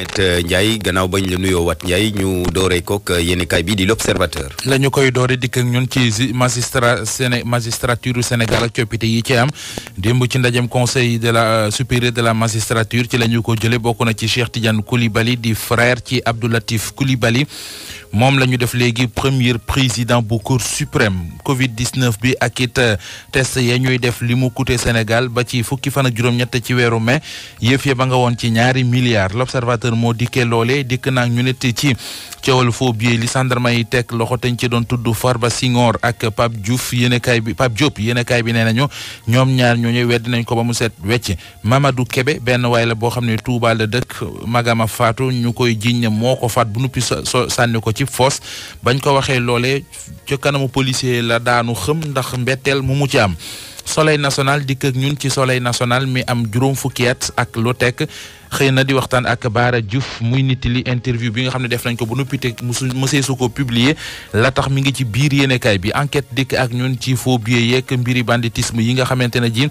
Ahmed euh, Ndiaye gannaaw bañ la nuyo wat Ndiaye ñu dooree euh, yene kay bi di l'observateur lañu koy doore dik ak ñun ci magistrat séné magistrature Sénégal ak coppite yi ci am dembu ci ndajem conseil de la euh, supérieure de la magistrature ci la ko jëlé bokk na ci Cheikh Tidiane Koulibaly di frère ci Abdoulatif Koulibaly mom lañu def légui premier président bu cour suprême Covid 19 bi ak it test ye ñuy def limu mu coûté Sénégal ba ci fukki fan ak juróom-ñett ci wéru mai yef ya ba nga won ci ñaari milliards l'observateur l'observateur moo dikkee loolee dikk naag ñu nit ci coowal faux billet li sandarma yi tekk loxo teñ ci doon tudd Farba Senghor ak Pape Diouf yéenekaay bi Pape Diop yéenekaay bi nee nañu ñoom ñaar ñooñu wedd nañ ko ba mu set wecc Mamadou Kébé benn waay la boo xam ne Touba la dëkk magama faatu ñu koy jiiñ ne moo ko faat bu nuppi so sànni ko ci foos bañ ko waxee loole ca kanamu policier la daanu xëm ndax mbetteel mu mu ci am soleil national dikk ak ñun ci soleil national mi am juróom fukki at ak lu tekk xëy na di waxtaan ak Baara Diouf muy nit li interview bi nga xam ne def nañ ko bu noppi te musu mësee su ko publier la tax mi ngi ci biir yéenekaay bi enquête dikk ak ñun ci faux billets yeeg mbiri banditisme yi nga xamante ne ji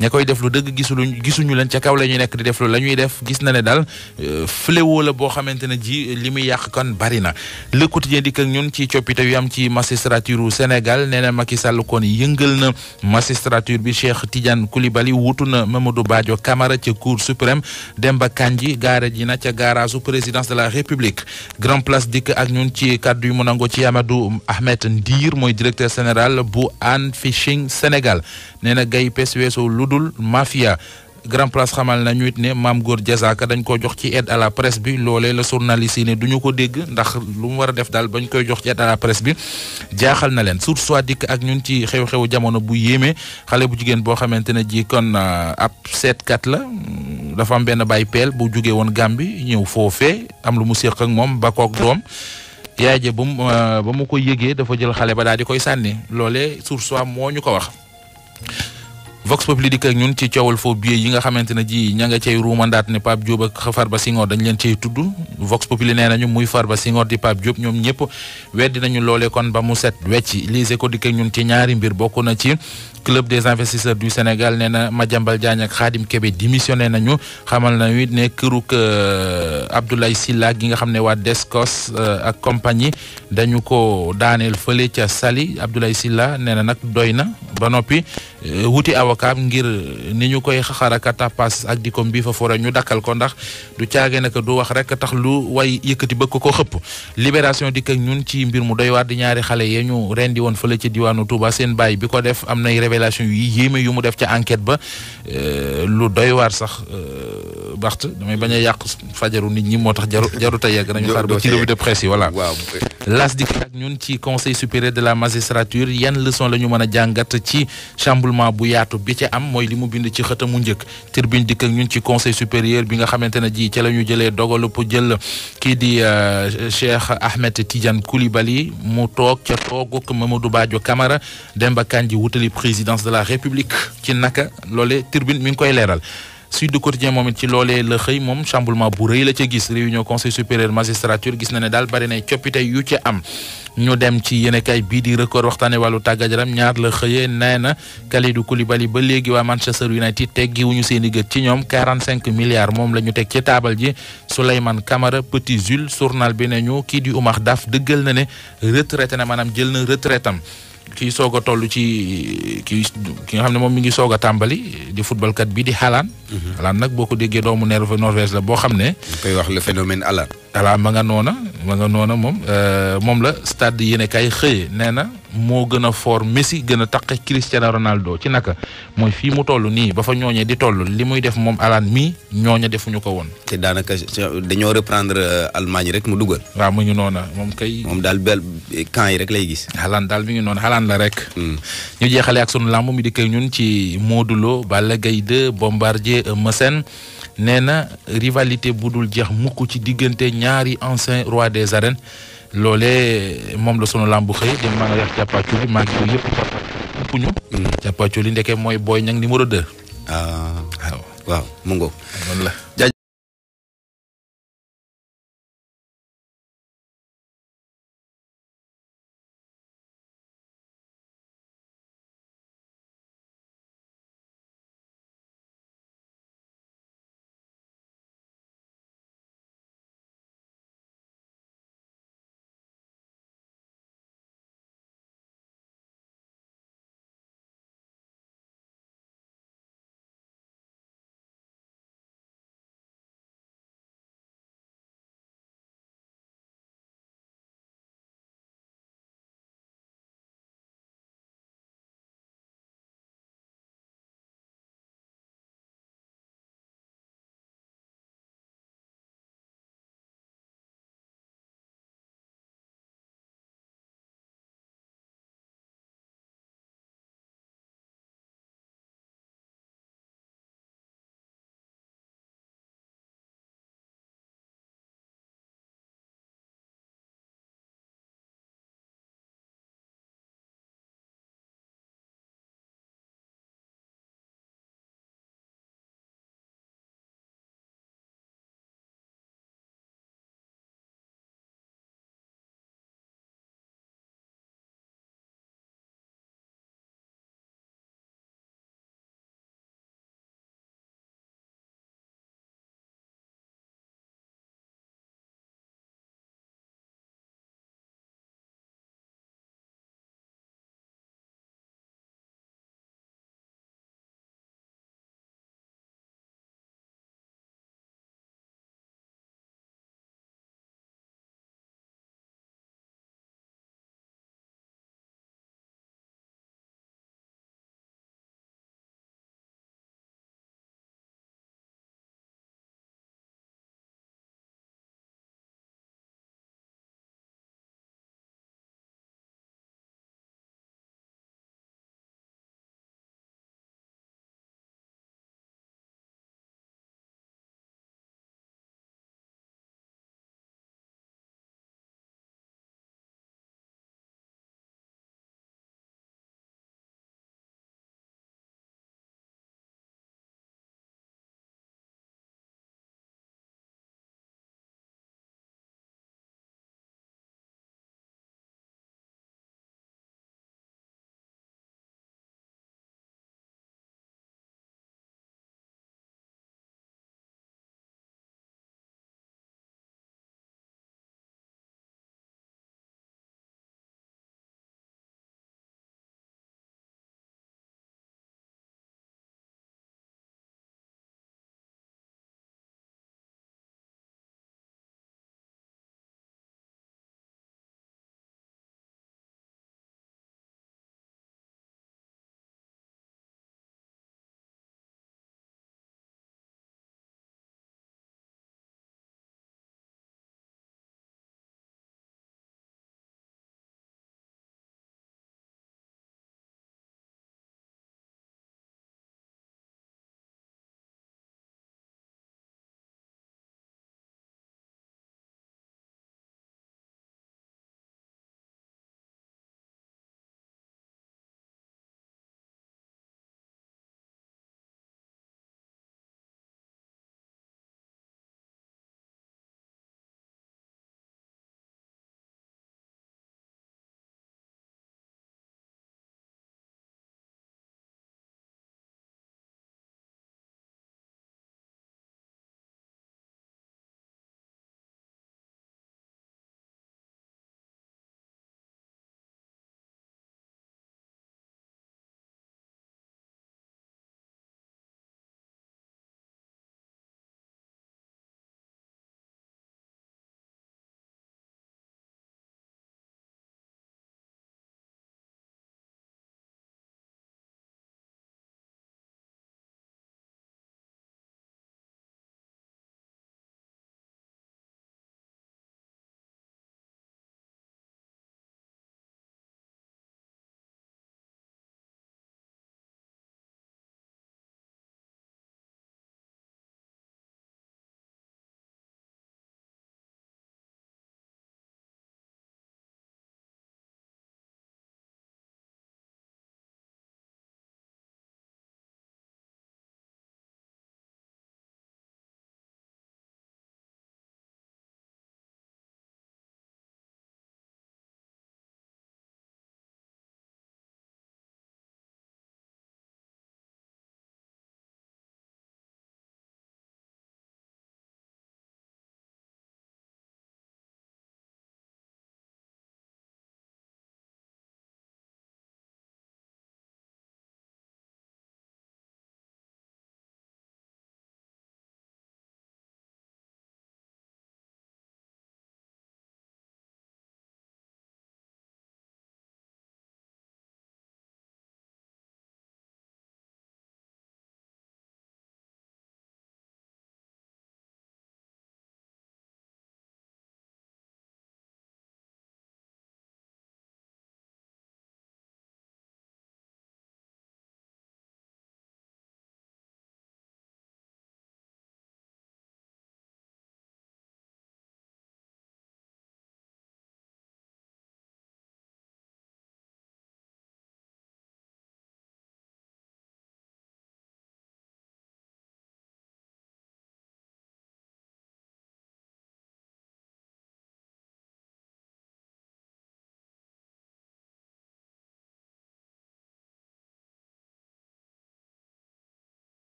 ña koy def dëgg gisuluñ gisuñu leen ca kaw la ñuy nekk di def lu la ñuy def gis na ne daal euh, fléau la boo xamante ne ji li muy yàq kan bari na le quotidien dikk ak ñun ci coppite yu am ci magistrature Sénégal nee na Macky Sall kon yëngal na magistrature bi Cheikh Tidiane Koulibaly wutu na Mamadou Badio Camara ca cour suprême dem Samba Kandji gaare ji na ca garage présidence de la république grand place dikk ak ñun ci kàddu yu mu ci Amadou Ahmed Ndir moy directeur général bu Hann Fishing Sénégal nee na gay pes ludul mafia grand place xamal nañu it ne maam góor jasaaka dañ ko jox ci aide à la presse bi loolee le journaliste yi duñu ko dégg ndax lu mu war a def daal bañ koy jox ci aide à la presse bi jaaxal na leen source soit dikk ak ñun ci xew-xewu jamono bu yéeme xale bu jigéen boo xamante ji kon ah, ab seetkat la dafa am benn baay peel bu jógee woon Gàmbi ñëw foofe am lu mu séq ak moom ba kook doom yaay ja ba mu euh, ba mu ko yëgee dafa jël xale ba daal di koy sànni loole loolee source moo ñu ko wax. Vox Populi dikk ñun ci coowal faux billets yi nga xamante ne ji ña nga cay ruumandaat ni Pape Diop ak Farba Senghor dañ leen cay tudd Vox Populi nee nañu muy ba Senghor di Pape Diop ñoom ñëpp weddi nañu loolee kon ba mu set wecc lise ko dikk ñun ci ñaari mbir bokk na ci club des investisseurs du Sénégal nee na Diagne ak Khadim Kébé démissionné nañu xamal na it ne këruk Abdoulaye Sylla gi nga xam deskos waa Descos euh, ak compagnie dañu ko daaneel fële ca Saly Abdoulaye Sylla nee na nag ba noppi euh, wuti avocat ngir euh, ni ñu koy xaxaraka tapas ak di ko mbii fa fora ñu dakkal ko ndax du caage naka du wax rek tax lu way yëkkati bëgg ko xëpp libération dikk ak ñun ci mbir mu doy waar di ñaari xale ya rendi won fële ca diwaanu Touba seen bàyyi bi ko def am nay révélation yi yéeme yu mu def ci enquête ba euh lu doy war sax euh Barth damay bañ yak fajaru nit ñi motax tax jaru jarut yegg nañu xaar ba ci revue de presse voilà las di ak ñun ci conseil supérieur de la magistrature yan leçon lañu mëna jangat ci chamboulement bu yaatu bi ci am moy li mu bind ci xëta xëtamu njëkk tribune dik ak ñun ci conseil supérieur bi nga xamante ji ci lañu jëlé jëlee dogalu pour jël ki di euh, Cheikh Ahmed Tidiane Koulibaly mu tok ci ca ko Mamadou Badio Camara Demba kanji wutali président présidence de la république qui n'a naka l'olé turbine mi ngi koy du Sud Quotidien moment qui ci lolé le xëy chamboulement bu le la gis réunion conseil supérieur magistrature gis na ne daal bari yu ci am ñu dem ci yéenekaay bii di record waxtaane walu tàggat-yaram ñaar la xëyee kalidu na Kalidou Koulibaly ba Manchester United teggiwuñu seen i gët ci 45 milliards mom la ñu teg ci taabal ji Souleymane Camara Petit Zul journal bi ne du omar di Oumar Daf dëggal na ne retraité na maanaam jël retraitam kii soog a toll ci ki ki nga xam ne mi ngi soog a di football kat bi di Haaland. Mhm. Haaland nag boo ko déggee doomu nerve Norvège la boo xam ne. wax le phénomène Haaland. Haaland ma nga ma nga noona moom euh, moom la stade yéen kay xëyee nee na moo gën a fort Messi gën a taqe Cristiano Ronaldo ci naka mooy fii mu toll nii ba fa ñooñee di toll li muy def moom alaan mii ñooña defuñu ko woon. te daanaka dañoo reprendre euh, Allemagne rek mu dugal. waaw mu ngi noona moom kay. moom daal bel camp yi rek lay gis. xalaan daal mi ngi noonu xalaan la rek. Hmm. ñu jeexalee ak sunu làmb mi di kay ñun ci Modou Lo Balla Gaye 2 Bombardier Eumeu Sène nee na rivalité bu dul jeex mukk ci diggante ñaari ancien roi des arènes loolee moom la sunu làmbu xëy dem maa nga wax càppaacoo bi maa ngi ko yëpp ëpp ñu mm. li ndeke mooy Boy Niang numéro 2 ah, waaw mu ngoog